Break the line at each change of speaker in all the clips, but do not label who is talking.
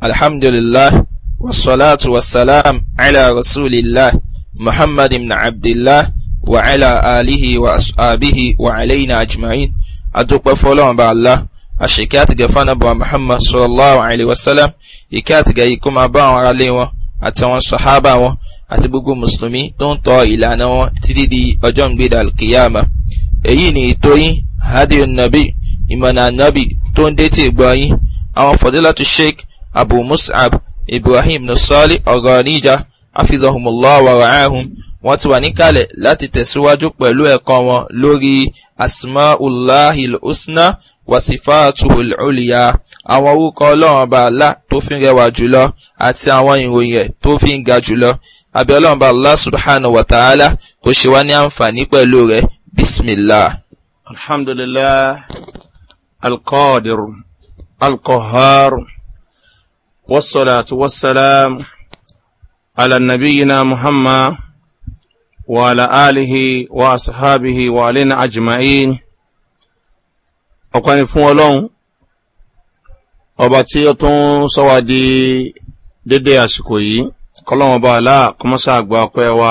alhamdulillah wasalaatu wasalaam ala rasulillah muhammad ibn abdillah wa ala alihi wa ashabihi wa alayna ajma'in adúpẹ́ fọlọ́run bá allah àṣekẹ́ àtìgẹ́ fanabu muhammad sallallahu alayhi wa sallam ìkẹ́ àtìgẹ́ yìí kó máa bá àwọn ará lé wọn àtàwọn sàhábà wọn àti gbogbo mùsùlùmí tó ń tọ ìlànà wọn títí di ọjọ́ ìgbéda alkiyama èyí ni ìtòyìn hadi nabi ìmọ̀nà nabi tó ń dé tí ìgbọ́ yín àwọn fọdílà tó sheikh abu mus'ab ibrahim nusali ọ̀gọ̀nìjà afidhahumullah wa ra'ahum wọ́n ti wà níkàlẹ̀ láti tẹ̀síwájú pẹ̀lú ẹ̀kọ́ wọn lórí asma'ullahil husna wasifatuhul uliya àwọn orúkọ ọlọ́run ọba àlá tó fi ń rẹwà jùlọ àti àwọn ìròyìn ẹ̀ tó fi ń ga jùlọ àbí ọlọ́run ọba allah subhanahu wa ta'ala kò ṣe wá ní àǹfààní pẹ̀lú rẹ̀ bismillah.
alhamdulillah alqadir alqahar. والصلاة والسلام على نبينا محمد وعلى آله وأصحابه وعلينا أجمعين أقول فون ولون أباتي يتون سوادي dédé àsìkò yìí kọlọ́wọ́n bá aláà kọmọ́sá àgbà ọpẹ́ wa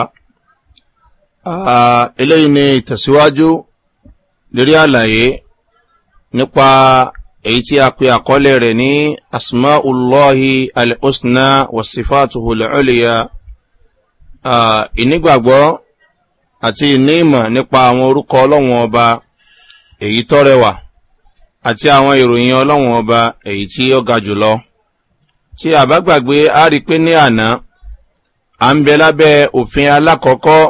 eléyìí èyí tí a pe àkọlé rẹ̀ ní asma'ullahi al'usna wasifatuhu al'uliya ìnígbàgbọ́ àti ìníìmọ̀ nípa àwọn orúkọ ọlọ́wọ̀n ọba èyí tọ́rẹwà àti àwọn ìròyìn ọlọ́wọ̀n ọba èyí tí ó ga jùlọ tí a bá gbàgbé a rí pé ní àná à ń bẹ lábẹ́ òfin alákọ̀ọ́kọ́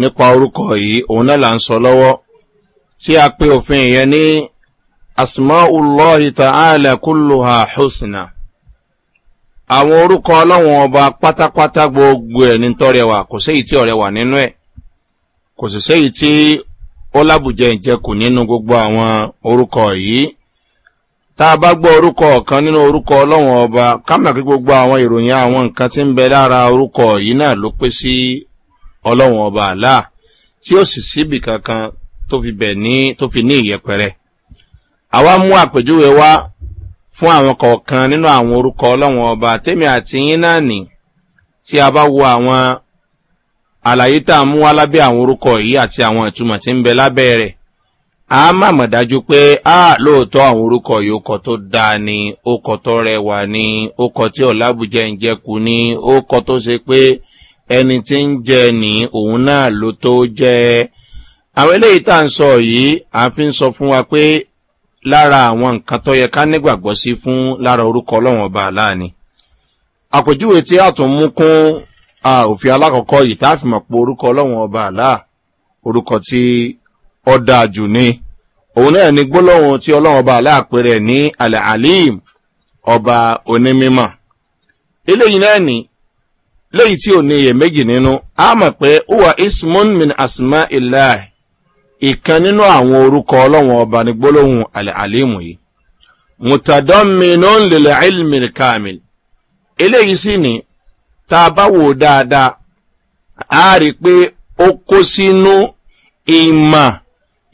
nípa orúkọ yìí òun náà là ń sọ lọ́wọ́ tí a pe òfin ìyẹn ní asma'ullahi ta'ala kulluha husna àwọn orúkọ ọlọ́wọ̀n ọba pátápátá gbogbo ẹ̀ ní tọ́rẹwà kò séyìí tí ọ̀rẹwà nínú ẹ̀ kò sì séyìí tí ó lábùjẹ ìjẹkù nínú gbogbo àwọn orúkọ yìí tá a bá gbọ́ orúkọ ọ̀kan nínú orúkọ ọlọ́wọ̀n ọba kámẹ̀ kí gbogbo àwọn ìròyìn àwọn nǹkan tí ń bẹ lára orúkọ yìí náà ló pé sí ọlọ́wọ̀n ọba àlá tí ó sì síbì kankan tó fi bẹ̀ ní tó fi ní ìyẹpẹrẹ àwa mú àpèjúwe wá fún àwọn kọ̀ọ̀kan nínú àwọn orúkọ ọlọ́wọ́n ọba tèmi àti yín náà nì tí a bá wo àwọn àlàyé tá a mú wá lábẹ́ àwọn orúkọ yìí àti àwọn ìtumọ̀ tí ń bẹ lábẹ́ rẹ̀ a má mọ̀ dájú pé a lóòótọ́ àwọn orúkọ yìí ọkọ̀ tó dáa ni ọkọ̀ tó rẹwà ni ọkọ̀ tí ọ̀làbùjẹ́ ń jẹ́kù ni ọkọ̀ tó ṣe pé ẹni tí ń jẹ ní òun náà ló tó jẹ́ àwọn eléyìí tá à ń sọ yìí à ń fi sọ fún wa pé lára àwọn nǹkan tó yẹ ká nígbàgbọ́ sí fún lára orúkọ ọlọ́wọ̀n ọba aláàni àpèjúwe tí a tún mú kún òfin alákọ̀ọ́kọ́ yìí tá a fi mọ̀ pé orúkọ ọlọ́wọ̀n ọba àlá orúkọ tí ó dáa jù ni òun náà ni gbólóhùn tí ọlọ́wọ̀n ọba àlá àpẹẹrẹ ní alẹ́ alim ọba onímímọ̀ eléyìí náà ni léyìí tí ò ní iyèméjì nínú a mọ̀ pé ó wà ismun min asma ilai. ìkan nínú àwọn orúkọ ọlọ́run ọba ní gbólóhùn àlìmù yìí mùtàdánmínú lèlè ilmìl kamil eléyìí sì ni tá a bá wò dáadáa a rí i pé ó kó sínú ìmọ̀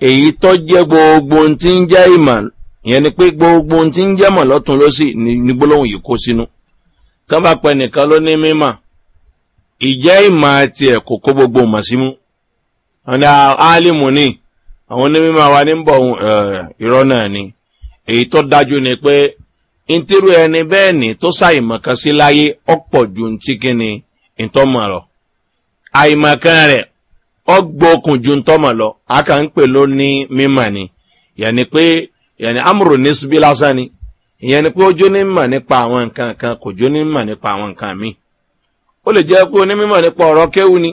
èyí tó jẹ́ gbogbo tí ń jẹ́ ìmọ̀ ìyẹn ni pé gbogbo tí ń jẹ́ mọ̀ lọ́tún lọ́sì ní gbólóhùn yìí kó sínú tán bá pẹ nìkan ló ní mímọ̀ ìjẹ́ ìmọ̀ àti ẹ̀kọ́ kó gbogbo mọ̀ símú. ọ̀dà álìmù ni àwọn onímọ̀ wa ní ń bọ̀ irọ́ náà ni èyí tó dájú ni pé ntírú ẹni bẹ́ẹ̀ ni tó ṣàìmọ̀kan sí láyé ọ̀pọ̀ ju ntí kíni ntọ́mọ̀ lọ àìmọ̀kan rẹ̀ ọgbọ́kùn ju ntọ́mọ̀ lọ a ló ní mímọ̀ ni yẹni pé yẹni amúrò ní lásán ni ìyẹn ni pé ó ní mọ̀ nípa àwọn nǹkan kan kò ní mọ̀ nípa àwọn nǹkan míì ó lè jẹ́ pé onímọ̀ ni.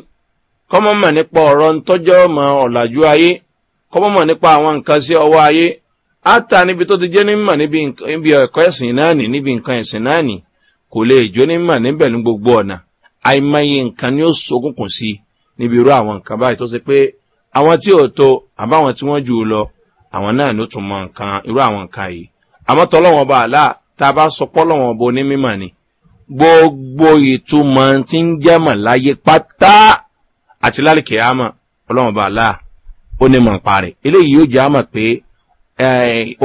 kọ́mọ́ mọ̀ nípa ọ̀rọ̀ ntọ́jọ́ mọ̀ ọ̀làjú ayé kọ́mọ́ mọ̀ nípa àwọn nǹkan sí ọwọ́ ayé áta níbi tó ti jẹ́ nímọ̀ níbi ẹ̀kọ́ ẹ̀sìn náà nì níbi nǹkan ẹ̀sìn náà nì kò lè jó nímọ̀ níbẹ̀ ní gbogbo ọ̀nà àìmọye nǹkan ni ó sokùnkùn sí níbi irú àwọn nǹkan báyìí tó ṣe pé àwọn tí ò tó àbáwọn tí wọ́n jù ú lọ àwọn náà ló tún mọ nǹkan irú àwọn nǹkan yìí àmọ́ tọ́lọ́wọ́n bá àlá tá a bá sọ pọ́lọ́wọ́n bo ní ni gbogbo ìtumọ̀ ti ń jẹ́mọ̀ láyé pátá àti lálẹ́kẹ̀ àmọ̀ ọlọ́run bá láà ó ní mọ̀ ń parẹ́ eléyìí yóò pé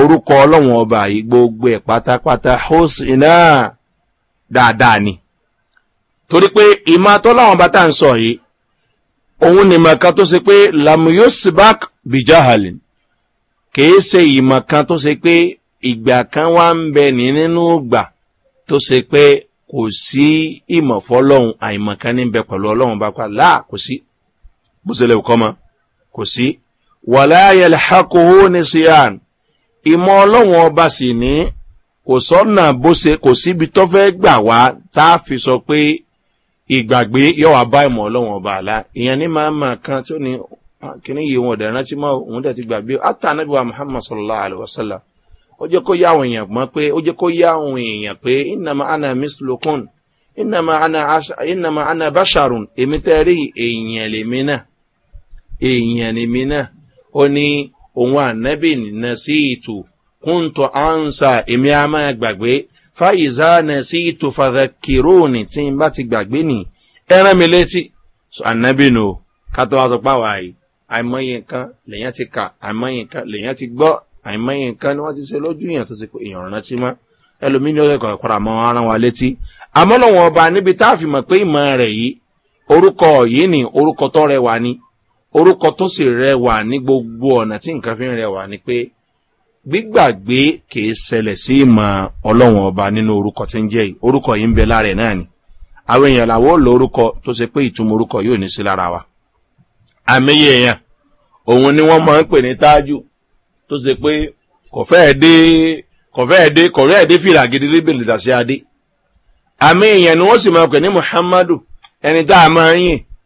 orúkọ ọba yìí gbogbo ẹ̀ pátápátá hosina dáadáa ni torí pé ìmọ̀ tọ́lọ́run bá tá à ń sọ yìí òun ni mọ̀ kan tó ṣe pé lamuyosibak bijahalin kìí ṣe ìmọ̀ kan tó ṣe pé ìgbà kan wa ń bẹ ní nínú ìgbà tó ṣe pé kò sí pẹ̀lú bó ṣe lè kọ́ mọ́ kò sí wàláyé lẹ́hàkóhó ní sian ìmọ̀ ọlọ́wọ́n ọba sì ní kò sọ́nà bó ṣe kò síbi tó fẹ́ gbà wá tá a fi sọ pé ìgbàgbé yóò wá bá ìmọ̀ ọlọ́wọ́n ọba àlá ìyẹn ní máa ma kan tó ní kíní yìí wọn ọ̀dẹ̀ rántí mọ́ òun dẹ̀ ti gbàgbé àtànábì wa muhammad sallallahu alayhi wa sallam ó jẹ́ kó yá èèyàn mọ́ pé ó jẹ́ kó yá èèyàn pé ìnàmà àná mislokun ìnàmà àná bàṣàrùn èmi tẹ́ èèyàn lèmi náà èèyàn ni mí náà ó ní òun ànábì nà sí ìtù kúntò ánsà èmi á máa gbàgbé fáyìzá nà sí ìtù fàdà kìrónì tí n bá ti gbàgbé nì ẹran mi létí ànábì nù kátó wá sọ páwà yìí àìmọye nǹkan lèyàn ti kà àìmọye nǹkan lèyàn ti gbọ́ àìmọye nǹkan ni wọ́n ti ṣe lójú yẹn tó ti pé èèyàn rántí mọ́ ẹlòmíì ní ọ̀sẹ̀ kọ̀ọ̀kọ̀rọ̀ àmọ́ ara wa létí àmọ́ lọ́wọ́n ọba níbi tá a fi mọ̀ pé ìmọ̀ rẹ̀ yìí orúkọ yìí ni orúkọ tọ́rẹ wa ni orúkọ tó sì rẹwà ní gbogbo ọ̀nà tí nǹkan fi ń rẹwà ni pé gbígbàgbé kìí ṣẹlẹ̀ sí ìmọ̀ ọlọ́run ọba nínú orúkọ tí ń jẹ́ yìí orúkọ yìí ń bẹ lára ẹ̀ náà ni àwọn èèyàn làwọn ò lo orúkọ tó ṣe pé ìtumọ̀ orúkọ yóò ní sí lára wa àmẹ́yẹ èèyàn òun ni wọ́n máa ń pè ní táájú tó ṣe pé kò fẹ́ẹ̀ dé kò fẹ́ẹ̀ dé kò fẹ́ẹ̀ dé fìlà gidi lébèlè dàsí adé àmì ni wọ́n sì máa pè ní muhammadu ẹni tá a máa ń yìn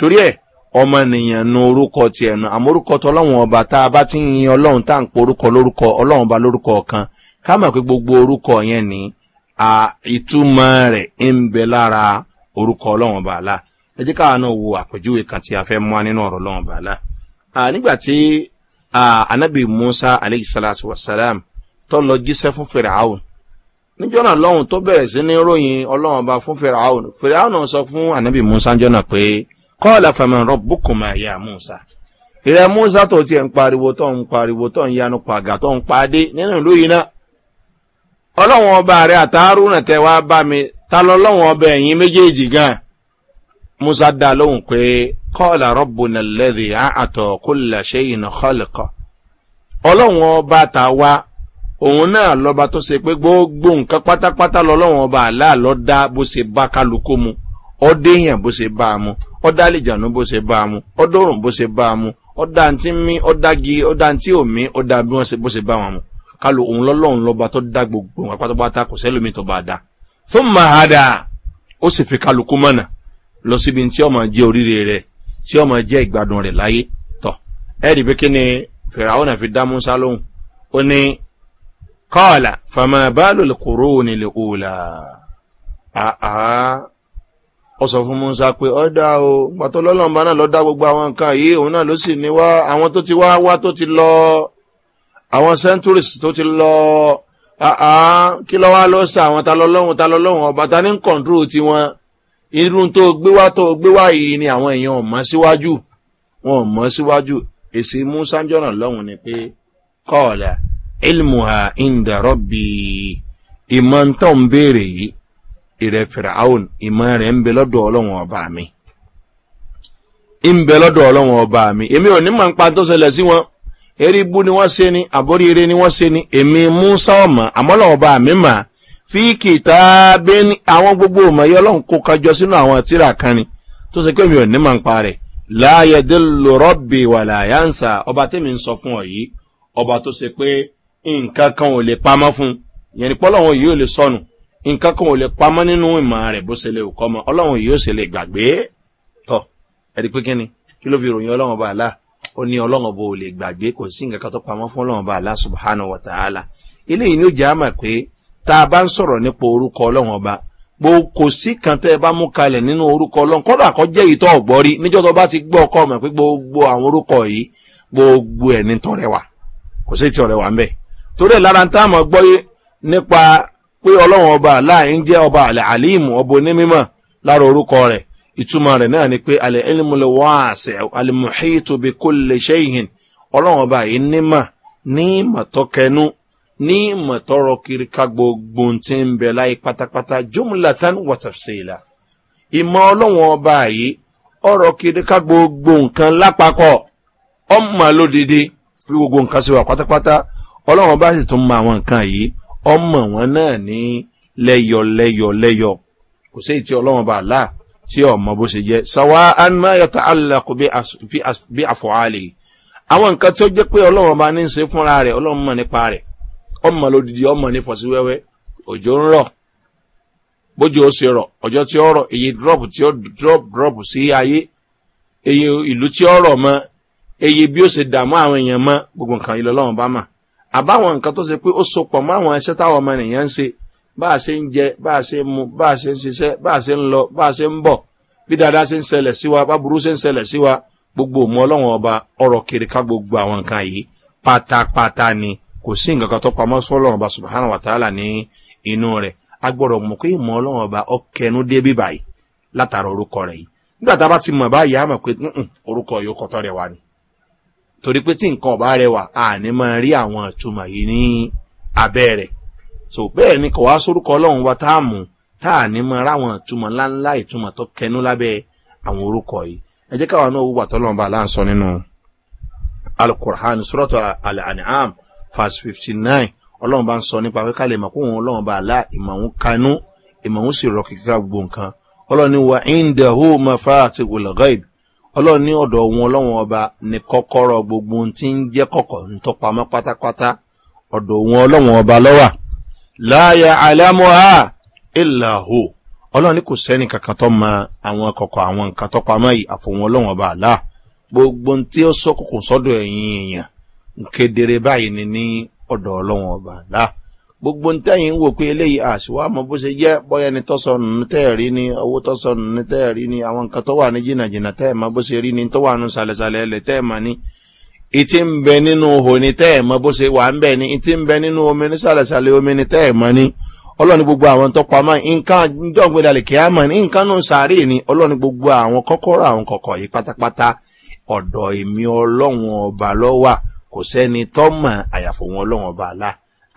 torí ẹ̀ ọmọ nìyẹn nu orúkọ tiẹ̀ nu àmọ́ orúkọ tó ọlọ́run ọba tá a bá ti ń yin ọlọ́run tá à ń po orúkọ lórúkọ ọlọ́run ọba lórúkọ kan ká mọ̀ pé gbogbo orúkọ yẹn ni ìtumọ̀ rẹ̀ ń bẹ lára orúkọ ọlọ́run ọba àlá ẹ jẹ́ káwa náà wo àpèjúwe kan tí a fẹ́ mú wa nínú ọ̀rọ̀ ọlọ́run ọba àlá nígbà tí anabi musa aleyhi salatu wa salam tó lọ jíṣẹ́ fún fèrèhàn níjọ́ náà lọ́hùn tó bẹ̀rẹ̀ sí ní ròyìn ọlọ́run ọba fún fèrèhàn fèrèhàn sọ fún anabi musa jọ́nà pé kọ́ọ̀lá fàmì rọ̀bùkùnmá ya musa ìrẹ musa tó tiẹ̀ ń pariwo tó ń pariwo tó ń yanu pàgà tó ń padé nínú ìlú yìí náà ọlọ́wọ́n ọba rẹ àtàrú náà tẹ wá bá mi ta lọ lọ́wọ́n ọba ẹ̀yìn méjèèjì gan musa dá lóhùn pé kọ́ọ̀lá rọ̀bùnà lẹ́dí àtọ̀ kólà ṣe ìnà kọ́ọ̀lẹ̀kọ́ ọlọ́wọ́n ọba tà wá òun náà lọ́ba tó ṣe pé gbogbo nǹkan pátápátá lọ́wọ́n ọba àlá lọ́ dá bó ṣe bá kálukú mu ọdẹ èèyàn bó ṣe bá a mu ọdẹ àlejànú bó ṣe bá a mu ọdẹ òrùn bó ṣe bá a mu ọdẹ àǹtí mi ọdẹ agi ọdẹ àǹtí òmí ọdẹ àbí wọn bó ṣe bá wọn mu kálu òun lọlọrun lọba tó dá gbogbo wọn pátápátá kò sẹlómi tó bá a dá fún mahada ó sì fi kálukú mọ̀nà lọ síbi tí ọmọ jẹ oríire rẹ tí ọmọ jẹ ìgbádùn rẹ láyé tọ ẹ rí i pé kí ni fìràwọn àfi dá musa lóhùn ó ní kọ́ọ̀là fàmà bá lòlù kúrò nílẹ̀ òòlà àá ọsọ fún musa pé ọdá o pàtó lọ́lọ́mbà náà lọ́dá gbogbo àwọn nǹkan yìí òun náà ló sì ní wá àwọn tó ti wá wá tó ti lọ àwọn centuries tó ti lọ àá kí lọ́wọ́ ló sa àwọn ta lọ́lọ́hún ta lọ́lọ́hún ọba ta ní kọ̀ǹtúrò tiwọn irú tó gbé wá tó gbé wá yìí ni àwọn èèyàn mọ̀ síwájú wọn mọ̀ síwájú èsì musa jọ̀nà lọ́hùn ni pé kọ́ọ̀lá ilmuha inda rọ́bì ìmọ̀ béèrè yìí ìrẹ fìràhùn ìmọ̀ rẹ̀ ń bẹ lọ́dọ̀ ọlọ́wọ̀n ọba mi ń bẹ lọ́dọ̀ ọlọ́wọ̀n ọba mi èmi ò ní mọ̀ nípa tó ṣẹlẹ̀ sí wọn eré ibú ni wọ́n ṣe ni àbórí eré ni wọ́n ṣe ni èmi musa ọ̀mà àmọ́lọ́wọ̀n ọba mi mà fi kìtà bẹ́ẹ̀ni àwọn gbogbo ọmọ yẹn ọlọ́run kó kájọ sínú àwọn tíra kan ni tó ṣe pé mi ò ní mọ̀ nípa rẹ̀ láàyè dé lọ́rọ́bì wà láyàǹsà ọba tẹ́mi ń sọ fún ọ yìí ọba tó ṣe pé nǹkan kan ò lè pamọ́ fún yẹn yìí ò lè sọnù nǹkan kan ò lè pamọ́ nínú ìmọ̀ rẹ̀ bó ṣe lè kọ́ mọ́ ọlọ́run yóò ṣe lè gbàgbé tọ́ ẹ̀rí pé kíni kí ló fi ròyìn ọlọ́run bá àlá ó ní ọlọ́run bó lè gbàgbé kò sí nǹkan kan tó pamọ́ fún ọlọ́run bá àlá subhana wa ta'ala eléyìí ni ó jẹ́ àmà pé tá a bá ń sọ̀rọ̀ nípa orúkọ ọlọ́run ọba gbo kò sí kan tẹ́ ẹ bá mú kalẹ̀ nínú orúkọ ọlọ́run kọ́dà kọ́ yìí gbogbo pé ọlọ́run ọba aláàyín jẹ́ ọba àlẹ́ àlíìmù ọba onímọ̀ lára orúkọ rẹ̀ ìtumọ̀ rẹ̀ náà ni pé àlẹ́ ẹlẹ́múlẹ̀ wáàsẹ̀ tóbi kò lè ṣe ìhìn ọlọ́run ọba yìí nímọ̀ ní mọ̀tọ́kẹnu ní mọ̀tọ́rọ gbogbo ń bẹ̀ láyé pátápátá ìmọ̀ ọlọ́run ọba yìí gbogbo nǹkan lápapọ̀ ọmọ lódìdí gbogbo nǹkan pátápátá ọba sì tún mọ àwọn nǹkan yìí ọmọ wọn náà ní lẹyọ lẹyọ lẹyọ kò sí ìtì ọlọ́run bá là tí ọmọ bó ṣe jẹ sawa anayọta alako bí àfọ̀hálì àwọn nǹkan tí ó jẹ́ pé ọlọ́run bá ní í ṣe fúnra rẹ̀ ọlọ́run mọ̀ nípa rẹ̀ ọmọ lódìdí ọmọ ní fọsíwẹ́wẹ́ òjò ń rọ̀ bójú ó ṣe rọ̀ ọjọ́ tí ó rọ̀ èyí drop tí ó drop drop sí ayé èyí ìlú tí ó rọ̀ mọ́ èyí bí ó ṣe dààmú àwọn èèyàn mọ́ gbogbo nǹkan ìlọ́lọ́run bá mà àbáwọn nǹkan tó ṣe pé ó sopọ̀ mọ́ àwọn iṣẹ́ táwọn ọmọ nìyẹn ń ṣe bá a ṣe ń jẹ bá a ṣe ń mu bá a ṣe ń ṣiṣẹ́ bá a ṣe ń lọ bá a ṣe ń bọ̀ bí ṣe ń ṣẹlẹ̀ sí wa gbogbo òmu ọlọ́wọ́n ọba ọ̀rọ̀ kiri ká gbogbo àwọn nǹkan yìí pátápátá ni kò sí nǹkan kan tó pamọ́ sọ́lọ́wọ́n ní inú rẹ̀ a gbọ́dọ̀ mọ̀ pé ìmọ̀ látara orúkọ rẹ̀ yìí nígbà tá a bá ti mọ̀ báyìí torí pé tí nǹkan ọ̀bá rẹwà àní máa rí àwọn ìtumọ̀ yìí ní abẹ́ rẹ̀ so bẹ́ẹ̀ ni kò wá sórúkọ ọlọ́run wa tá a mú tá a ní máa ráwọn ìtumọ̀ ńláńlá ìtumọ̀ tó kẹnu lábẹ́ àwọn orúkọ yìí ẹ jẹ́ káwọn náà wúwà tọ́lọ́run bá láǹsọ nínú alukur'an sọ́rọ́tọ̀ al-an'am verse fifty nine ọlọ́run bá ń sọ nípa pé lè mọ̀ kó wọn ọlọ́run bá lá ìmọ̀ọ́n kanú ìmọ̀ọ́n sì rọ kíkà gbogbo nǹkan ọlọ́run ni wà ń dẹ̀ hó máa fà á ọlọ́run ní ọ̀dọ̀ wọn ọlọ́run ọba ni kọ́kọ́rọ́ gbogbo ohun tí ń jẹ́ kọ̀kọ̀ ń tọpamọ́ pátápátá ọ̀dọ̀ wọn ọlọ́run ọba lọ́wà láàyè àlámọ́há ìlàhó ọlọ́run ní kò sẹ́ni kankan tó ma àwọn kọ̀kọ̀ àwọn nǹkan tọpamọ́ yìí ọlọ́run ọba àlá gbogbo ohun tí ó sọ kòkò ẹ̀yìn èèyàn kedere báyìí ni ní ọ̀dọ̀ ọba àlá gbogbo ń tẹ́yìn wò pé eléyìí àṣìwá mọ bó ṣe jẹ́ bọ́yá ni tọ́sọ̀nù ní tẹ́ẹ̀rí ni owó tọ́sọ̀nù ní tẹ́ẹ̀rí ni àwọn nǹkan tó wà ní jìnnàjìnnà tẹ́ẹ̀mọ bó ṣe rí ni tó wà nù sàlẹ̀sàlẹ̀ ẹlẹ̀ tẹ́ẹ̀mọ ni ìtì ń bẹ nínú ihò ni tẹ́ẹ̀mọ bó ṣe wà ń bẹ̀ ni ìtì ń bẹ nínú omi ní sàlẹ̀sàlẹ̀ omi ni tẹ́ẹ̀mọ ni ọlọ́ni gbogbo àwọn tó pamọ́ nǹkan jọ̀gbẹ́dàlẹ̀ kíámọ̀ ní nǹkan nù sàárè ni ọlọ́ni gbogbo àwọn kọ́kọ́rọ́ àwọn kọ̀kọ̀ yìí pátápátá ọ̀dọ̀ èmi ọlọ́run ọba lọ́wà kò sẹ́ni tọ́mọ̀ àyàfòun ọlọ́run ọba aláà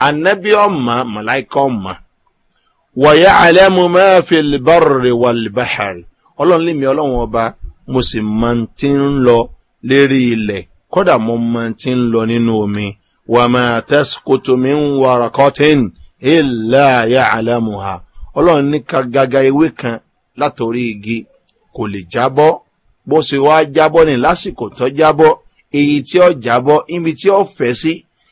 anabi ọmọ mọláìkà ọmọ wọ̀yẹ́ alẹ́mu mẹ́fìlì bọ́ọ̀rì wàlìbáhàrì ọlọ́run lèmi ọlọ́run ọba mo sì mọ ti ń lọ lérí ilẹ̀ kódà mo mọ ti ń lọ nínú omi wà máa tẹ́síkòtò mi ń wàrà kọ́tìn ilẹ̀ ayé alẹ́mu ha ọlọ́run ní ka gaga ewé kan látòrí igi kò lè jábọ́ bó ṣe wá jábọ́ ni lásìkò tó jábọ́ èyí tí ó jábọ́ ibi tí ó fẹ́ sí. Si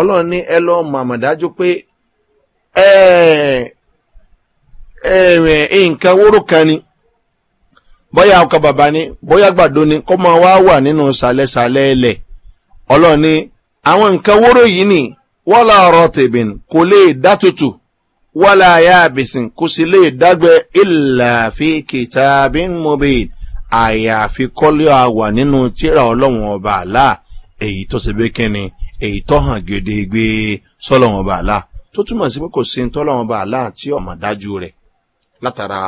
ọlọ́run ní ẹ lọ mọ̀ àmọ̀dájú pé nǹkan wóró kan ni bóyá ọkọ bàbá ni bóyá gbàdo ni kó máa wá wà nínú sàlẹ̀sàlẹ̀ ẹlẹ̀ ọlọ́run ní àwọn nǹkan wóró yìí ni wọ́n la ọ̀rọ̀ tèbìn kò lè dá tutù wọ́n la ayé àbìsìn kò sì lè dágbẹ́ ìlàfi kìtàbí mobile àyàfi kọ́lé àwà nínú tíra ọlọ́run ọba àlà èyí tó ṣe bí kínni. èyí tó hàn gedegbe sọ́lọ́wọ́n bá àlá tó túmọ̀ sí pé kò sí tọ́lọ́wọ́n bá àlá tí ọ̀mọ̀ dájú rẹ̀ látara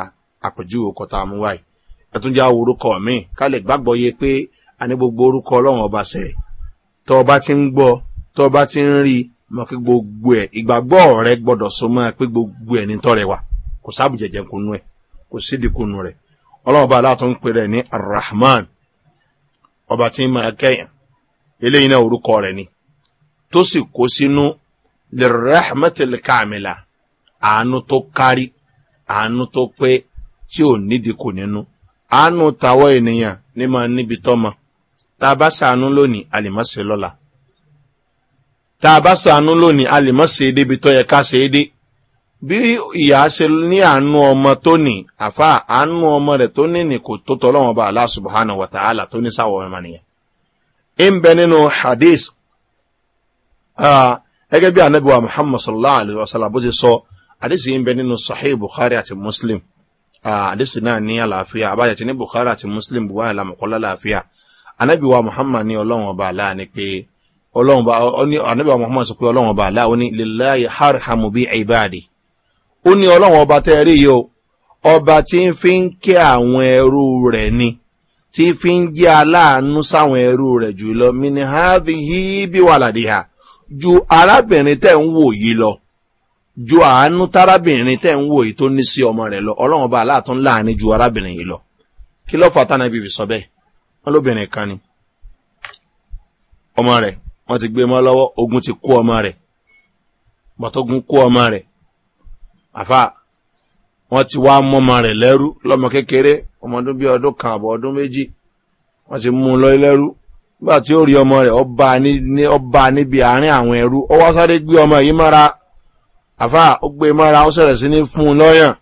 àpèjúwe kọta amúwáì ẹtúnjẹ orúkọ mi kálẹ̀ gbàgbọ́ yẹ pé a ní gbogbo orúkọ ọlọ́wọ́n ọba sẹ̀ ti ń gbọ́ ti ń rí mọ̀ pé gbogbo rẹ gbọ́dọ̀ so mọ́ pé gbogbo ẹ̀ ní wà kò ọba aláàtọ̀ ń pè ọba tí ń máa kẹ́yìn eléyìí náà orúkọ ni tó sì kó sínú lèrèhàmẹ́tìlì kàmìlà àánú tó kárí àánú tó pé tí ò nídìí kò nínú àánú tàwọn ènìyàn ní máa níbi tọ́mọ tá a bá sàánú lónìí a lè má se lọ́la tá a bá sàánú lónìí a lè má se é débi tó yẹ ká se é dé bí ìyá ṣe ní àánú ọmọ tó ní àfa àánú ọmọ rẹ tó ní ní kò tó tọ́lọ́wọ́n bá aláṣubuhánu wàtàhálà tó ní sáwọ́ ọmọ nìyẹn. ń bẹ nínú hadith Ah, gẹ́gẹ́ bí anabi wa muhammad sallallahu alayhi wa sallam bó ti sọ àdìsí yìí ń bẹ nínú sahih bukhari àti muslim àdìsí ah, náà ní àlàáfíà àbájá ti ní bukhari àti muslim buwa alamọ̀kọ́lá àlàáfíà anabi wa muhammad ní ọlọ́run ọba àlá ni pé ọlọ́run ọba anabi wa muhammad sọ pé ọlọ́run ọba àlá ó ní lilayi harhamu bi ibadi ó ní ọlọ́run ọba tẹ́ ẹ rí yìí o ọba tí ń fi ń kí àwọn ẹrú rẹ̀ ni tí fi ń jẹ́ aláàánú sáwọn ẹrú rẹ̀ jùlọ minihavi hí wàlàdìhà ju arábìnrin tẹ̀ ń wò yìí lọ ju àánú tárábìnrin tẹ̀ ń wò yìí tó ní sí ọmọ rẹ̀ lọ ọlọ́run ọba aláàtún láàrin ju arábìnrin yìí lọ kí ló fà tánà bíbí sọ bẹ́ẹ̀ wọn lóbìnrin kan ni ọmọ rẹ̀ wọn ti gbé mọ́ lọ́wọ́ ogun ti kú ọmọ rẹ̀ bàtógun kú ọmọ rẹ̀ àfà wọn ti wá mọ́mọ rẹ̀ lẹ́rú lọ́mọ kékeré ọmọ bíi ọdún kan àbọ̀ ọdún méjì wọn ti mú un lọ lẹ́rú gbà tí ó rí ọmọ rẹ̀ ọba níbi àárín àwọn ẹrú ó wá sáré gbé ọmọ yìí mọ́ra àfa ó gbé e mọ́ra ó sẹ̀rẹ̀ sí ní fún un lọ́yàn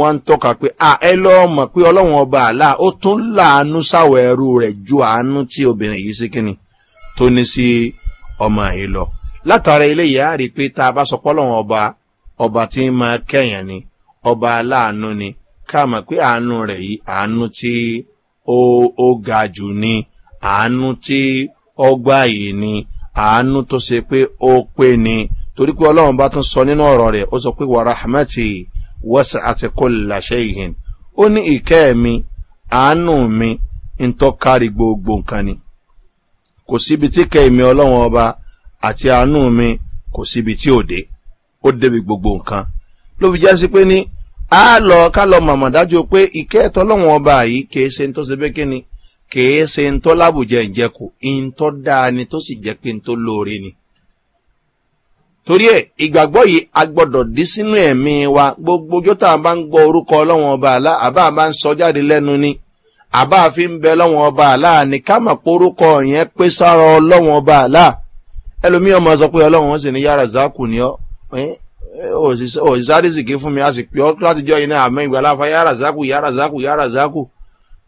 wọn tọ́ka pé a ẹ lọ́ọ́ mọ̀ pé ọba àlá ó tún làánú sáwọ̀ ẹrú ju àánú tí obìnrin yìí sí kíni tó ní sí ọmọ yìí lọ látara eléyìí á rí i pé tá a bá ọba ọba tí ń máa ni ọba aláàánú ni ká pé àánú yìí àánú ga jù ni. àánú tí ọgbà yìí ni àánú tó ṣe pé ó pé ni torí pé ọlọ́run bá tún sọ nínú ọ̀rọ̀ rẹ̀ ó sọ pé wàrà hamati wọ́sẹ̀ àti kò yìí ìhìn ó ní ìkẹ́ mi àánú mi ń tọ́ kárí gbogbo nǹkan ni kò síbi tí kẹ́mi ọlọ́run ọba àti àánú mi kò síbi tí ò dé ó débi gbogbo nǹkan ló fi jásí pé ní a lọ ká lọ màmá dájú pé ìkẹ́ ẹ̀tọ́ ọlọ́run ọba yìí kì í ṣe ń tó ṣe bẹ́ẹ̀ kí ni. kèé se ń tọ́ lábùjẹ ìjẹkù ń tọ́ dáa ni tó sì jẹ́ pé ń tó lóore ni. torí ẹ ìgbàgbọ́ yìí a gbọ́dọ̀ dí sínú ẹ̀mí wa gbogbo ojú tá a bá ń gbọ́ orúkọ ọlọ́wọ́n ọba àlá àbá a bá ń sọ jáde lẹ́nu ni àbá a fi ń bẹ ọlọ́wọ́n ọba àlá ni ká mà pé orúkọ yẹn pé sára ọlọ́wọ́n ọba àlá ẹlòmíì ọmọ sọ pé ọlọ́wọ́n sì ní yàrá zákù ni ọ òsì sáré sì ké fún mi a sì pè ọ́ láti jọ yìí náà àmọ́ ìgbàláfa yàrá zákù yàrá zákù yàrá zákù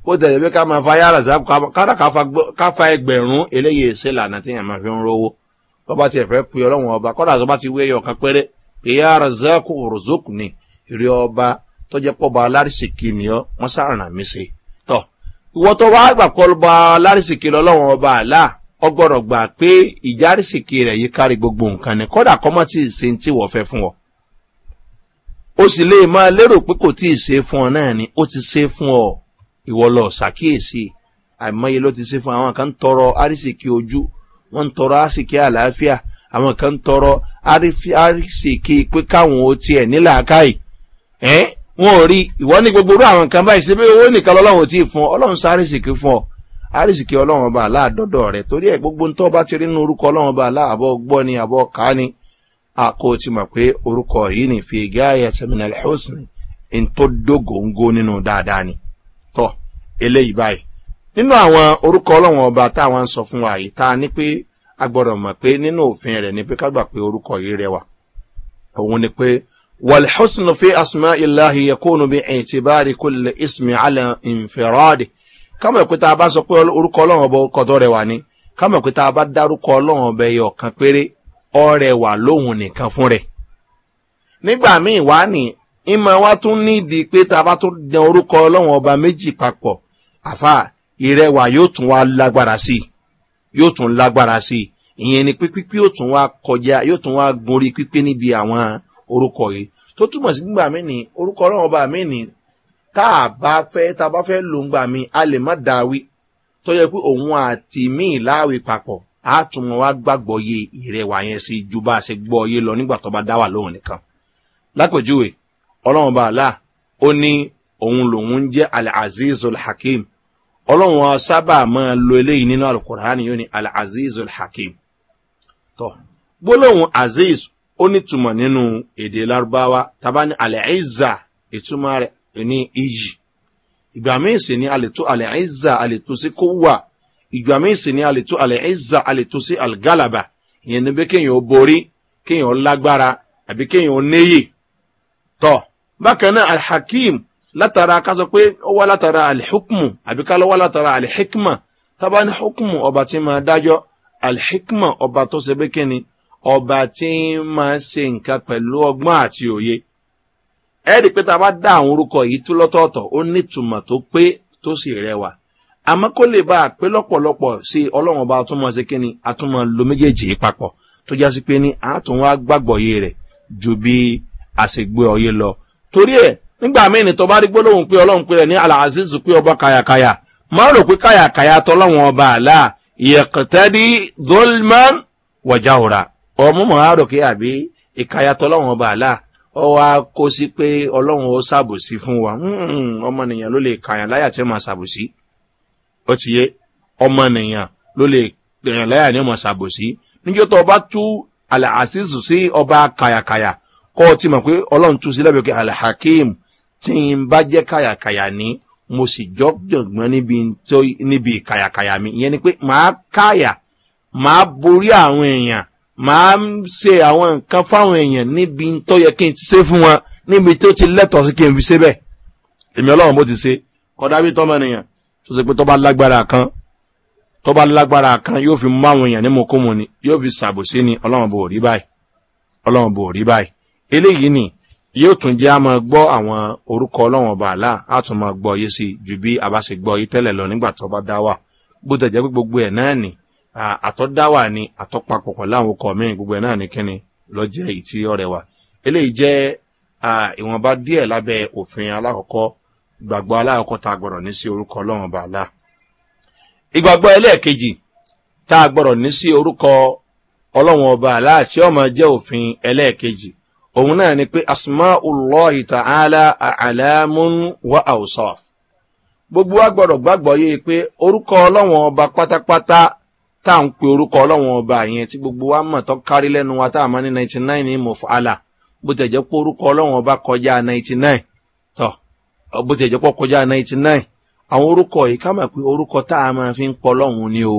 ó tẹ̀lé pé ká máa fa yàrá zap kára ká fa ẹgbẹ̀rún eléyìí ṣe lànà tí yàrá máa fi ń rówó tó bá tiẹ̀ fẹ́ pe ọlọ́run ọba kọ́dà tó bá ti wé ọ̀kan péré pé yàrá zap rọ̀zọ́k ni ìrí ọba tó jẹ́ pọ́ba alárìsìkì ni ọ́ wọ́n sàrànà mi ṣe tọ́ ìwọ́ tó wá gbà kọ́ ọba alárìsìkì lọ́lọ́run ọba àlá ọgbọ́dọ̀ gbà pé ìjárìsìkì rẹ̀ yìí kárí gbogbo nǹkan ni kọ́dà ìwọ lọ ṣàkíyèsí àìmọye ló ti ṣe fún àwọn kan tọrọ àrísìkí ojú wọn ń tọrọ àrísìkí àlàáfíà àwọn kan tọrọ àrísìkí pé káwọn ó tiẹ̀ nílàákàyè ẹ́ wọn ò rí ìwọ ní gbogbo orú àwọn kan báyìí ṣe pé owó nìkan lọ́lọ́run tí ì fún ọ ọlọ́run sá àrísìkí fún ọ àrísìkí ọlọ́run ọba aláàdọ́dọ̀ rẹ̀ torí ẹ̀ gbogbo ń tọ́ bá ti rí nínú orúkọ ọlọ́run ọba aláàbọ̀ gbọ́ ni àbọ̀ ká ni àkó tí mọ̀ pé orúkọ yìí ni fìgá ayẹsẹ̀mìnà lẹ́hùsìn ní tó dógóńgó nínú dáadáa ni tọ́. eléyìí báyìí nínú àwọn orúkọ ọlọ́wọ́n ọba táwọn ń sọ fún wa yìí tá a ní pé a gbọ́dọ̀ mọ̀ pé nínú òfin rẹ̀ ni pé ká gbà pé orúkọ yìí òun ni pé wàlhùsùnù fi asùnmá ìlàhì yẹkùnù bí ẹ̀yìn bá rí ismi alẹ́ ìfẹ̀rọ́ọ̀dì kámọ̀ pé tá a bá sọ pé orúkọ ọlọ́wọ́n ọba orúkọ tó ni kámọ̀ pé tá a bá dárúkọ ọlọ́wọ́n ọba àfà ìrẹwà yóò tún wá lágbára sí i yóò tún lágbára sí i ìyẹn ni pípípí yóò tún wá kọjá yóò tún wá gorí pípé níbi àwọn orúkọ yìí tó túmọ̀ sí gbígbà mí ní orúkọ ọlọ́run ọba mí ní tá a bá fẹ́ tá a bá fẹ́ lò ń gbà mí a lè má dáwí tó yẹ pé òun àti míì láàwì papọ̀ a tún wá gbàgbọ́ yé ìrẹwà yẹn sí ju bá a ṣe gbọ́ yé lọ nígbà tó bá dá wà lóhùn nìkan lápèjúwe ọlọ́run ọba àlá ó ní òun lòun ń jẹ́ al-azizul hakim ọlọ́run wa sábà máa lo eléyìí nínú alukur'ani yóò ní al-azizul hakim tó gbólóhùn aziz ó nítumọ̀ nínú èdè larubawa taba ní al-izza ìtumọ̀ rẹ̀ ní iyì ìgbà míì sì ní àlètò al-izza àlètò sí kó wà ìgbà míì sì ní àlètò al-izza àlètò sí al-galaba ìyẹn ni bí kéèyàn ó borí kéèyàn ó lágbára àbí kéèyàn ó néyè tó bákan náà al-hakim látara ká sọ pé ó wá látara alihukmu àbí ká lọ wá látara alihikma tábà ní hukmu ọba tí máa dájọ́ alihikma ọba tó ṣe pé kíni ọba tí máa ṣe nǹkan pẹ̀lú ọgbọ́n àti òye ẹ rí i pé tá a bá dá àwọn orúkọ yìí tó lọ́tọ̀ọ̀tọ̀ ó nítumọ̀ tó pé tó sì rẹwà àmọ́ kó lè bá a pé lọ́pọ̀lọpọ̀ sí ọlọ́run ọba àtúmọ̀ ṣe kíni àtúmọ̀ lo méjèèjì papọ̀ tó já sí pé ní àtúnwá gbàgbọ́yé rẹ̀ ju bí àṣegbé ọyé lọ torí ẹ̀ nígbà míì ní tọ́ba rí gbólóhùn pé ọlọ́run pé rẹ̀ ní alazizu pé ọba kayakaya má rò pé kayakaya tọ́lọ́wọ́n ọba àlá ìyẹ̀kẹ̀tẹ́dí dolman wọ̀jáwòrà ọmọ mọ̀ á rò àbí ìkaya tọ́lọ́wọ́n ọba àlá ọ wá kó sí pé ọlọ́run ó fún wa hmm, ọmọnìyàn ló lè kàyàn láyà tí ó máa ṣàbòsí ó ti yé ọmọnìyàn ló lè kàyàn láyà ní ṣàbòsí ọba tú sí ọba kayakaya kọ́ ti mọ̀ pé ọlọ́run tí n bá jẹ́ kàyàkàyà ní mo sì jọ́ jọ̀gbọ́n níbi kàyàkàyà mi ìyẹn ni pé màá kàyà màá borí àwọn èèyàn màá ṣe àwọn nǹkan fáwọn èèyàn níbi tó yẹ kí n ti ṣe fún wọn níbi tó ti lẹ́tọ̀ọ́ sí kí n fi ṣe bẹ́ẹ̀ èmi ọlọ́run bó ti ṣe kọ́dá bí tọ́mọ nìyẹn tó ṣe pé tó bá lágbára kan tó bá lágbára kan yóò fi mú àwọn èèyàn ní mokómo ni yóò fi ṣàbòsí ni ọlọ́run bò rí báyìí ọlọ́run bò rí báyìí eléyìí ni yóò tún jẹ́ a máa gbọ́ àwọn orúkọ ọlọ́wọ̀n ọba àlá a tún máa gbọ́ yé sí ju bí a bá ṣe gbọ́ yé tẹ́lẹ̀ lọ nígbà tó bá dá wà bó tẹ̀ jẹ́ pé gbogbo ẹ̀ náà nì àtọ́dá wà ní àtọ́papọ̀ pẹ̀lú àwọn ọkọ̀ míì gbogbo ẹ̀ náà ní kíni lọ́jẹ́ ìtí ọ̀rẹ́ wa eléyìí jẹ́ ìwọ̀nba díẹ̀ lábẹ́ òfin alákọ̀ọ́kọ́ ìgbàgbọ́ alákọ̀ọ́kọ́ tá a ní sí orúkọ ọlọ́wọ̀n ọba ìgbàgbọ́ ẹlẹ́ẹ̀kejì tá a ní sí orúkọ ọlọ́wọ̀n ọba àlá ọmọ jẹ́ òfin ẹlẹ́ẹ̀kejì òun náà ni pé asma'ullah ta'ala alamun wa awsaf gbogbo wa gbọdọ̀ gbàgbọ́ yé pé orúkọ ọlọ́wọ̀n ọba pátápátá tá à ń pe orúkọ ọlọ́wọ̀n ọba yẹn tí gbogbo wa mọ̀ tán kárí lẹ́nu wa tá a máa ní 99 nine ní mọ̀fàlà bó tẹ̀ jẹ́ pé orúkọ ọlọ́wọ̀n ọba kọjá 99 tọ́ tọ̀ bó tẹ̀ jẹ́ pé kọjá 99 àwọn orúkọ yìí ká mọ̀ pé orúkọ tá a máa fi ń pọ̀ lọ́hùn ni o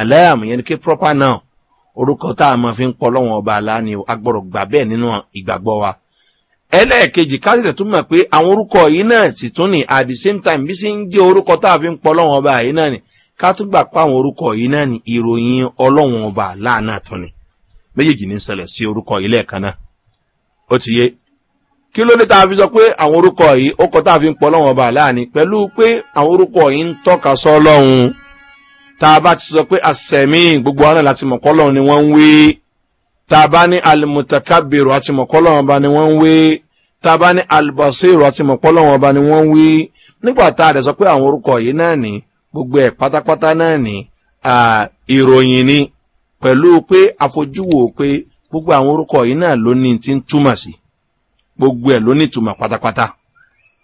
àlẹ́ àmì yẹn ni pé proper noun orúkọ tá a mọ fi ń pọ lọ́wọ́n ọba ni agbọrọ gbà bẹ́ẹ̀ nínú ìgbàgbọ́ wa ẹlẹ́ẹ̀kejì káṣílẹ̀ tún mọ̀ pé àwọn orúkọ yìí náà sì tún ní at the same time bí sì ń orúkọ tá a fi ń pọ ọba yìí náà ni ká àwọn orúkọ yìí náà ni ìròyìn ọba méjèèjì ní sí orúkọ yìí náà ó tá a bá ti sọ pé àsẹ̀mí gbogbo ọ̀nà láti mọ̀ kọ́lọ̀ ni wọ́n ń wé tá a bá ní alimutakabiru àti mọ̀ kọ́lọ̀ ọba ni wọ́n ń wé tá a bá ní alibasiru àti mọ̀ kọ́lọ̀ ọba ni wọ́n ń wé nígbà tá a dẹ̀ sọ pé àwọn orúkọ yìí náà ní gbogbo ẹ̀ pátápátá náà ní ìròyìn ni pẹ̀lú pé àfojúwò pé gbogbo àwọn orúkọ yìí náà ló ní ti ń túmọ̀ sí gbogbo ẹ̀ ló ní ìtumọ̀ pátápátá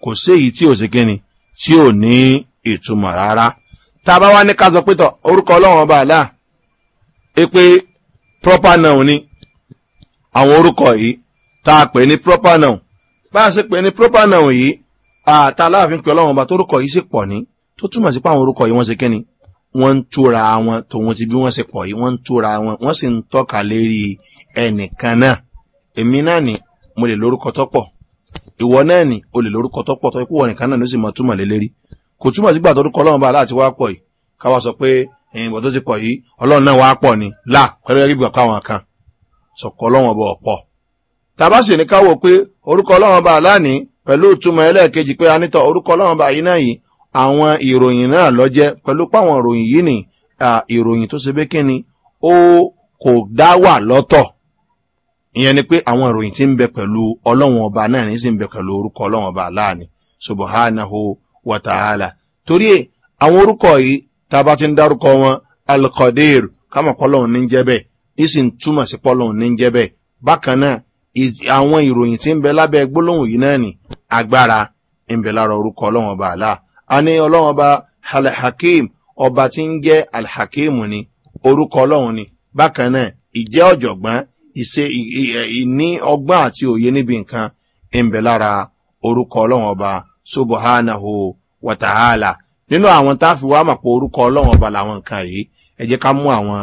kò séyìí tí ò sí kíni tí ò ní ìtumọ̀ rárá tàbá wá ní ká sọ pé tọ̀ orúkọ ọlọ́run ọba àlá ẹ pé proper noun ni àwọn orúkọ yìí tá a pè ní proper noun bá a ṣe pè ní proper noun yìí àtà aláàfin pé ọlọ́run ọba tó orúkọ yìí sì pọ̀ ní tó túmọ̀ sí pé àwọn orúkọ yìí wọ́n ṣe kíni wọ́n ń túra wọn tòun ti bí wọ́n ṣe pọ̀ yìí wọ́n ń túra wọn wọ́n sì ń tọ́ka lérí ẹnìkan náà èmi náà ni mo lè lórúkọ tọ́pọ̀ ìwọ náà ni o lè lórúkọ tọ́pọ̀ tọ́ ikú wọn nìkan náà ló sì máa túmọ̀ lé lérí kò túmọ̀ sí gbàtọ́ orúkọ ọlọ́run bá láti wá pọ̀ yìí káwa sọ pé ẹ̀yìn bọ̀ tó ti pọ̀ yìí ọlọ́run náà wá pọ̀ ni là pẹ̀lú ẹgbẹ́ ìgbà káwọn kan sọ̀kọ ọlọ́run ọba ọ̀pọ̀ tàbá sì ní káwọ pé orúkọ ọlọ́run bá láàní pẹ̀lú ìtumọ̀ ẹlẹ́ẹ̀kejì pé anítọ̀ orúkọ ọlọ́run bá yìí náà yìí àwọn ìròyìn náà lọ́jẹ́ pẹ̀lú páwọn ìròyìn yìí ni ìròyìn tó ṣe bẹ́ kí ni ó kò dá wà lọ́tọ̀ ìyẹn ni pé àwọn ìròyìn ti ń wataala: torí ẹ àwọn orúkọ yìí taba a bá ti ń dárúkọ wọn alkadir kámọ pọlọhún ní jẹ bẹẹ ìsì ń túmọ̀ sí pọlọhún ní jẹ bẹẹ bákan náà àwọn ìròyìn tí ń bẹ lábẹ́ gbólóhùn yìí náà ni agbára ń bẹ lára orúkọ ọlọ́wọ́n ọba àlá a ní ọlọ́wọ́n ọba alhakim ọba tí ń jẹ́ alhakim ni orúkọ ọlọ́run ni bákan náà ìjẹ́ ọ̀jọ̀gbọ́n ìṣe ìní ọgbọ́n àti òye níbi nǹkan ń bẹ lára orúkọ ọlọ́run ọba subuhánahu wàtàhálà nínú àwọn tá a fi wá màpọ̀ orúkọ ọlọ́run ọba làwọn nǹkan yìí ẹ jẹ́ ká mú àwọn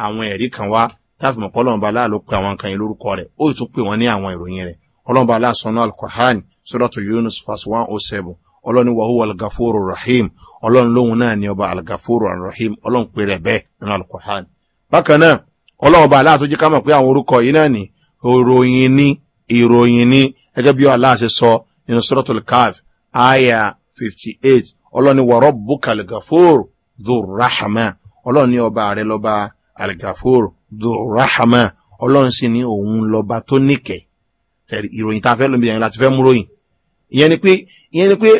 àwọn ẹ̀rí kan wá tá a fi mọ̀pọ̀ ọlọ́run ọba láà ló pe àwọn nǹkan yìí lórúkọ rẹ̀ ó tún pè wọ́n ní àwọn ìròyìn rẹ̀ ọlọ́run ọba aláà sọ̀nà alukọ̀hán sọ́dọ̀tò yunus fas one oh seven ọlọ́run wàhú algafóró rahim ọlọ́run lóhun náà ni ọba algafóró rahim ọlọ́run pè rẹ̀ bẹ́ẹ̀ nínú alukọ̀hán bákan náà ọlọ́run ọba nínú sọ́rọ́tòlù káf àyà fifty eight ọlọ́ni wọ̀rọ̀ bukà algafor dhurahama ọlọ́ni ọba rẹ lọ́ba algafor dhurahama ọlọ́run sì ní òun lọ́ba tó níkẹ́ tẹ̀rí ìròyìn tá a fẹ́ lómi yẹn láti fẹ́ mú ròyìn ìyẹn ni pé ìyẹn ni pé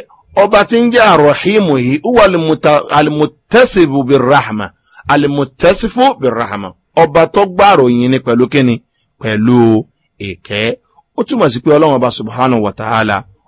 ọba tí ń jẹ́ àròhìmù yìí ó wà alimutẹ́sìfù bí rahama alimutẹ́sìfù bí rahama ọba tó gbàrò yìí ni pẹ̀lú kíni pẹ̀lú ìkẹ́ ó túmọ̀ sí pé ọlọ́run ọba subhanahu wa ta'ala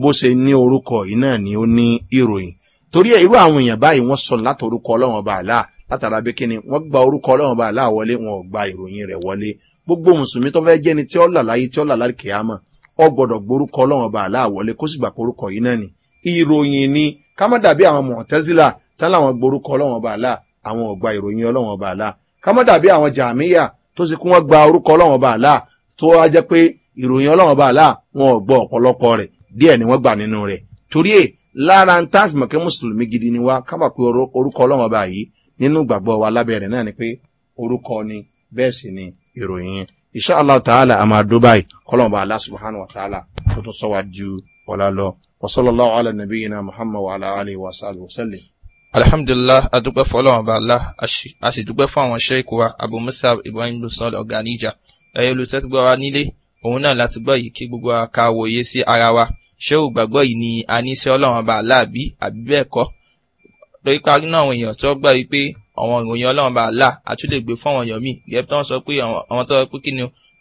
bó ṣe ní orúkọ yìí náà ni ó ní ìròyìn torí ẹ irú àwọn èèyàn báyìí wọn sọ láti orúkọ ọlọrun ọba àlá látara bí kíni wọn gba orúkọ ọlọrun ọba àlá wọlé wọn ò gba ìròyìn rẹ wọlé gbogbo mùsùlùmí tó fẹẹ jẹni tí ó là láyé tí ó là láyé kìámọ ọ gbọdọ gborúkọ ọlọrun ọba àlá wọlé kó sì gbà orúkọ yìí náà ni ìròyìn ni ká má dàbí àwọn mọ̀tẹ́sílà tán láwọn gborúkọ ọlọ́wọ́n ọba àlá àwọn ọ̀gbà ìròyìn ọlọ́wọ́n ọba àlá ká má dàbí àwọn jàmíyà tó ṣe kí wọ́n gba orúkọ ọlọ́wọ́n ọba àlá tó wá jẹ́ pé ìròyìn ọlọ́wọ́n ọba àlá wọn ò gbọ́ ọ̀pọ̀lọpọ̀ rẹ̀ díẹ̀ ni wọ́n gbà nínú rẹ̀ torí ẹ̀ lára ń táàfì mọ̀kẹ́ mùsùlùmí gidi ni wá kábà pé orúkọ ọlọ́wọ́n bá yìí nínú ìgbàgbọ́ wa lábẹ́rẹ̀ náà ni pé orúkọ ni bẹ́ẹ̀ sì ni ìròyìn iṣẹ́ allah ta'ala a máa dubai kọlọ́mọba allah subhanahu wa ta'ala tó tún sọ wá ju ọ̀la lọ wasalaamu
ala nabiyina muhammad wa ala alihi wa sallam alhamdulilah adúpẹ́ fọlọ́mọba allah a sì dúpẹ́ fún àwọn sheik wa abu musa ibrahim lusan ọ̀gá níjà ẹ̀yẹ́ olùtẹ́tùgbọ́ wa nílé òun náà láti gbọ́ yìí kí gbogbo aka wòye sí ara wa ṣé ò gbàgbọ́ yìí ni a ní sí ọlọ́run ọba aláàbí àbí bẹ́ẹ̀ kọ́ lórí parí náà àwọn èèyàn tó gbọ́ yìí pé àwọn ìròyìn ọlọ́run ọba àlá àtúlẹ̀ fún àwọn èèyàn míì gẹ́gẹ́ tó ń sọ pé àwọn tó sọ pé kí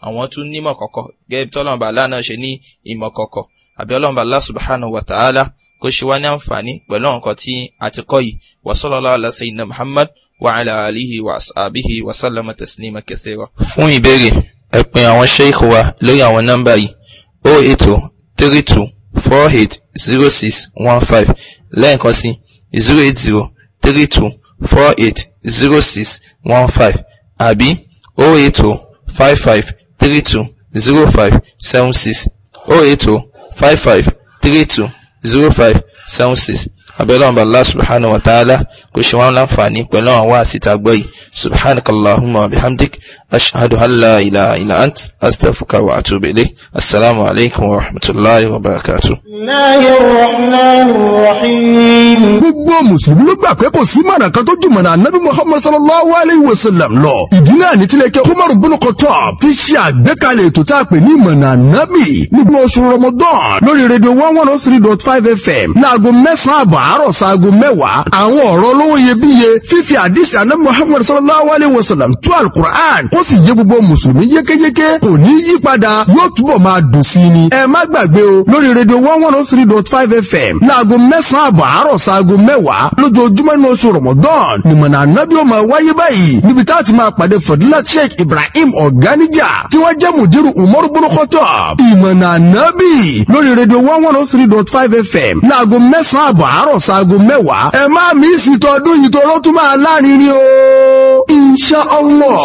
àwọn tún nímọ̀ kọ̀kọ̀ gẹ́gẹ́ tó ọlọ́run ọba àlá náà ṣe ní ìmọ̀ kọ̀kọ̀ àbí ọlọ́run ọba àlá subhanahu wa ta'ala kó ṣe wá ní àǹfààní pẹ̀lú nǹkan tí a ti kọ́ yìí wasọ́lọ́lá aláṣẹ iná muhammad wa aláàlíhi wa sàbíhi wa sàlámà tẹ̀sílímà kẹsẹ̀ wa. fún ìbéèrè ẹ pe àwọn sheikh wa lórí àwọn nọ́mbà yìí o oh eight o oh three two four eight zero six one five lẹ́ẹ̀kan sí zero oh eight zero three two four eight zero six one five àbí o eight o five five three two zero five seven six o eight o five five three zero five seven six abẹ́lẹ́ ọba allah subhanahu wa ta'ala kò ṣe wọn láǹfààní pẹ̀lú àwọn wá síta gbọ́ yìí subhanakallahumma wa bihamdik ashhadu an la ilaha illa ant astaghfiruka wa atubu assalamu alaykum wa rahmatullahi wa barakatuh gbogbo mùsùlùmí ló gbà pé kò sí mọ̀nà kan tó jùmọ̀nà anabi muhammad sallallahu alayhi wa sallam lọ. ìdí náà ní tilẹ̀ kẹ́ kúmọ̀rù bùnú kọ́tọ́ fi ṣe àgbékalẹ̀
ètò tá a pè ní ìmọ̀nà anabi nígbà oṣù ramadan lórí rédíò one one oh three dot five fm láago mẹ́sàn-án àbọ̀ àárọ̀ sáago mẹ́wàá àwọn ọ̀rọ̀ olówó iyebíye fífi àdísì
anabi muhammad sallallahu alayhi wa sallam tú alukur'an kó sì yé gbogbo mùsùlùmí yékéyéké kò ní yípadà yóò túbọ̀ máa dùn sí ni ẹ má gbàgbé o lórí rédíò one one oh three dot five
fm láago mẹ́sàn-án àbọ̀ àárọ̀ sáago mẹ́wàá mẹ́wàá lójoojúmọ́ ní oṣù Ramadan nìmọ̀nà ànábì ó máa wáyé báyìí níbi tá a ti máa pàdé Fadilat Sheikh Ibrahim Ọ̀gáníjà tí wọ́n jẹ́ mùdírù
Umaru bọ́lọ́kọ́tọ̀ ìmọ̀nà ànábì lórí rédíò one one oh three dot five fm láago mẹ́sàn-án àbọ̀ àárọ̀ sáago mẹ́wàá ẹ má mi sì tọdún yìí tó tún máa láàrin ni o insha Allah.